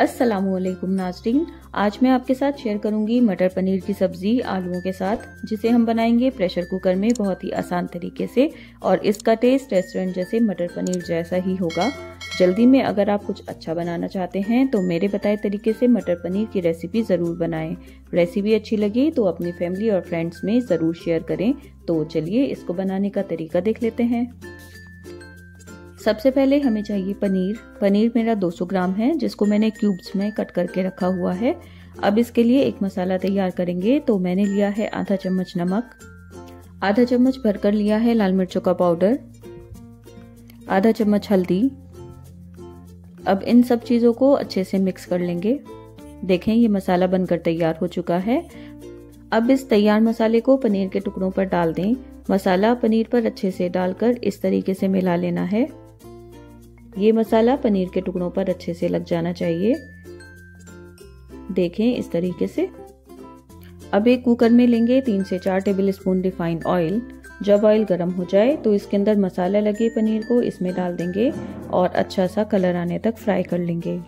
असलकुम नाजरीन आज मैं आपके साथ शेयर करूंगी मटर पनीर की सब्जी आलूओं के साथ जिसे हम बनाएंगे प्रेशर कुकर में बहुत ही आसान तरीके से और इसका टेस्ट रेस्टोरेंट जैसे मटर पनीर जैसा ही होगा जल्दी में अगर आप कुछ अच्छा बनाना चाहते हैं तो मेरे बताए तरीके से मटर पनीर की रेसिपी ज़रूर बनाएं रेसिपी अच्छी लगी तो अपनी फैमिली और फ्रेंड्स में ज़रूर शेयर करें तो चलिए इसको बनाने का तरीका देख लेते हैं सबसे पहले हमें चाहिए पनीर पनीर मेरा 200 ग्राम है जिसको मैंने क्यूब्स में कट करके रखा हुआ है अब इसके लिए एक मसाला तैयार करेंगे तो मैंने लिया है आधा चम्मच नमक आधा चम्मच भरकर लिया है लाल मिर्चों का पाउडर आधा चम्मच हल्दी अब इन सब चीज़ों को अच्छे से मिक्स कर लेंगे देखें ये मसाला बनकर तैयार हो चुका है अब इस तैयार मसाले को पनीर के टुकड़ों पर डाल दें मसाला पनीर पर अच्छे से डालकर इस तरीके से मिला लेना है ये मसाला पनीर के टुकड़ों पर अच्छे से लग जाना चाहिए देखें इस तरीके से अब एक कुकर में लेंगे तीन से चार टेबल स्पून रिफाइंड ऑयल जब ऑयल गर्म हो जाए तो इसके अंदर मसाला लगे पनीर को इसमें डाल देंगे और अच्छा सा कलर आने तक फ्राई कर लेंगे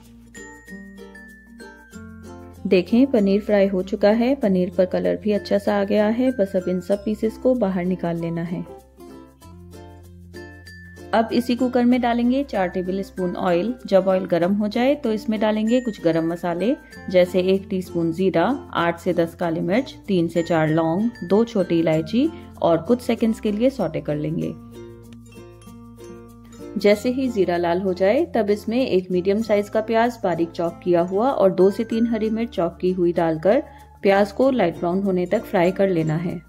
देखें पनीर फ्राई हो चुका है पनीर पर कलर भी अच्छा सा आ गया है बस अब इन सब पीसेस को बाहर निकाल लेना है अब इसी कुकर में डालेंगे चार टेबल स्पून ऑयल जब ऑयल गर्म हो जाए तो इसमें डालेंगे कुछ गर्म मसाले जैसे एक टीस्पून जीरा आठ से दस काली मिर्च तीन से चार लौंग दो छोटी इलायची और कुछ सेकंड्स के लिए सौटे कर लेंगे जैसे ही जीरा लाल हो जाए तब इसमें एक मीडियम साइज का प्याज बारीक चौक किया हुआ और दो से तीन हरी मिर्च चौक की हुई डालकर प्याज को लाइट ब्राउन होने तक फ्राई कर लेना है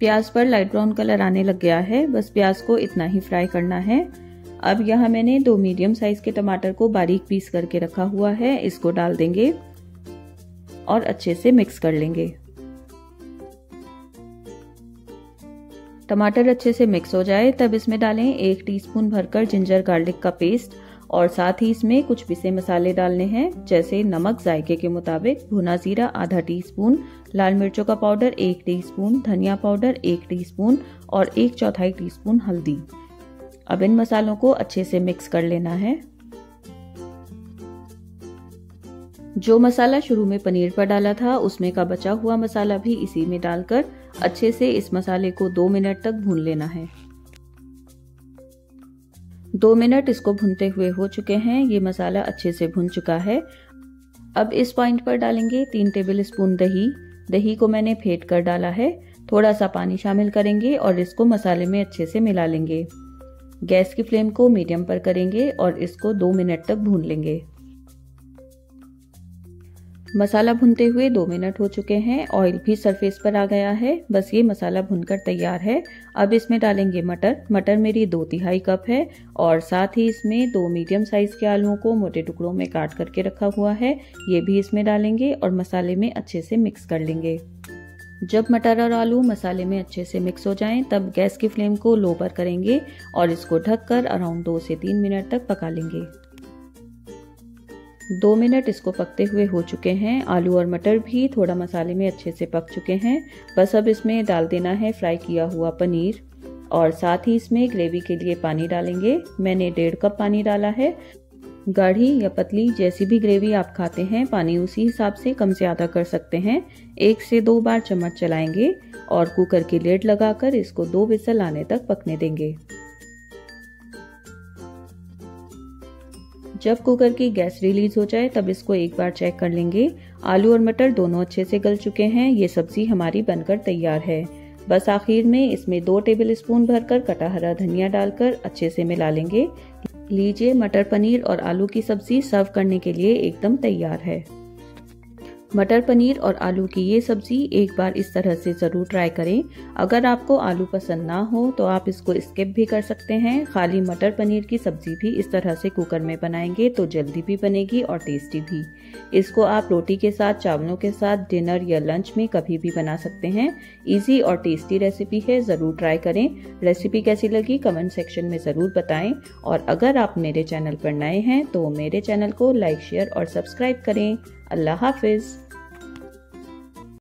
प्याज पर लाइट ब्राउन कलर आने लग गया है बस प्याज को इतना ही फ्राई करना है अब यहाँ मैंने दो मीडियम साइज के टमाटर को बारीक पीस करके रखा हुआ है इसको डाल देंगे और अच्छे से मिक्स कर लेंगे टमाटर अच्छे से मिक्स हो जाए तब इसमें डालें एक टीस्पून भरकर जिंजर गार्लिक का पेस्ट और साथ ही इसमें कुछ पिसे मसाले डालने हैं जैसे नमक जायके के मुताबिक भुना जीरा आधा टीस्पून, लाल मिर्चों का पाउडर एक टीस्पून, धनिया पाउडर एक टीस्पून और एक चौथाई टीस्पून हल्दी अब इन मसालों को अच्छे से मिक्स कर लेना है जो मसाला शुरू में पनीर पर डाला था उसमें का बचा हुआ मसाला भी इसी में डालकर अच्छे से इस मसाले को दो मिनट तक भून लेना है दो मिनट इसको भुनते हुए हो चुके हैं ये मसाला अच्छे से भुन चुका है अब इस पॉइंट पर डालेंगे तीन टेबल स्पून दही दही को मैंने फेंट कर डाला है थोड़ा सा पानी शामिल करेंगे और इसको मसाले में अच्छे से मिला लेंगे गैस की फ्लेम को मीडियम पर करेंगे और इसको दो मिनट तक भून लेंगे मसाला भुनते हुए दो मिनट हो चुके हैं ऑयल भी सरफेस पर आ गया है बस ये मसाला भुनकर तैयार है अब इसमें डालेंगे मटर मटर मेरी दो तिहाई कप है और साथ ही इसमें दो मीडियम साइज़ के आलुओं को मोटे टुकड़ों में काट करके रखा हुआ है ये भी इसमें डालेंगे और मसाले में अच्छे से मिक्स कर लेंगे जब मटर और आलू मसाले में अच्छे से मिक्स हो जाएं तब गैस की फ्लेम को लो पर करेंगे और इसको ढककर अराउंड दो से तीन मिनट तक पका लेंगे दो मिनट इसको पकते हुए हो चुके हैं आलू और मटर भी थोड़ा मसाले में अच्छे से पक चुके हैं बस अब इसमें डाल देना है फ्राई किया हुआ पनीर और साथ ही इसमें ग्रेवी के लिए पानी डालेंगे मैंने डेढ़ कप पानी डाला है गाढ़ी या पतली जैसी भी ग्रेवी आप खाते हैं पानी उसी हिसाब से कम से ज़्यादा कर सकते हैं एक से दो बार चम्मच चलाएंगे और कुकर की लेड लगाकर इसको दो बिसल आने तक पकने देंगे जब कुकर की गैस रिलीज हो जाए तब इसको एक बार चेक कर लेंगे आलू और मटर दोनों अच्छे से गल चुके हैं ये सब्जी हमारी बनकर तैयार है बस आखिर में इसमें दो टेबल स्पून भर कर कटा हरा धनिया डालकर अच्छे से मिला लेंगे लीजिए मटर पनीर और आलू की सब्जी सर्व करने के लिए एकदम तैयार है मटर पनीर और आलू की ये सब्ज़ी एक बार इस तरह से ज़रूर ट्राई करें अगर आपको आलू पसंद ना हो तो आप इसको स्किप भी कर सकते हैं खाली मटर पनीर की सब्ज़ी भी इस तरह से कुकर में बनाएंगे तो जल्दी भी बनेगी और टेस्टी भी इसको आप रोटी के साथ चावलों के साथ डिनर या लंच में कभी भी बना सकते हैं ईजी और टेस्टी रेसिपी है ज़रूर ट्राई करें रेसिपी कैसी लगी कमेंट सेक्शन में ज़रूर बताएँ और अगर आप मेरे चैनल पर नए हैं तो मेरे चैनल को लाइक शेयर और सब्सक्राइब करें الله حافظ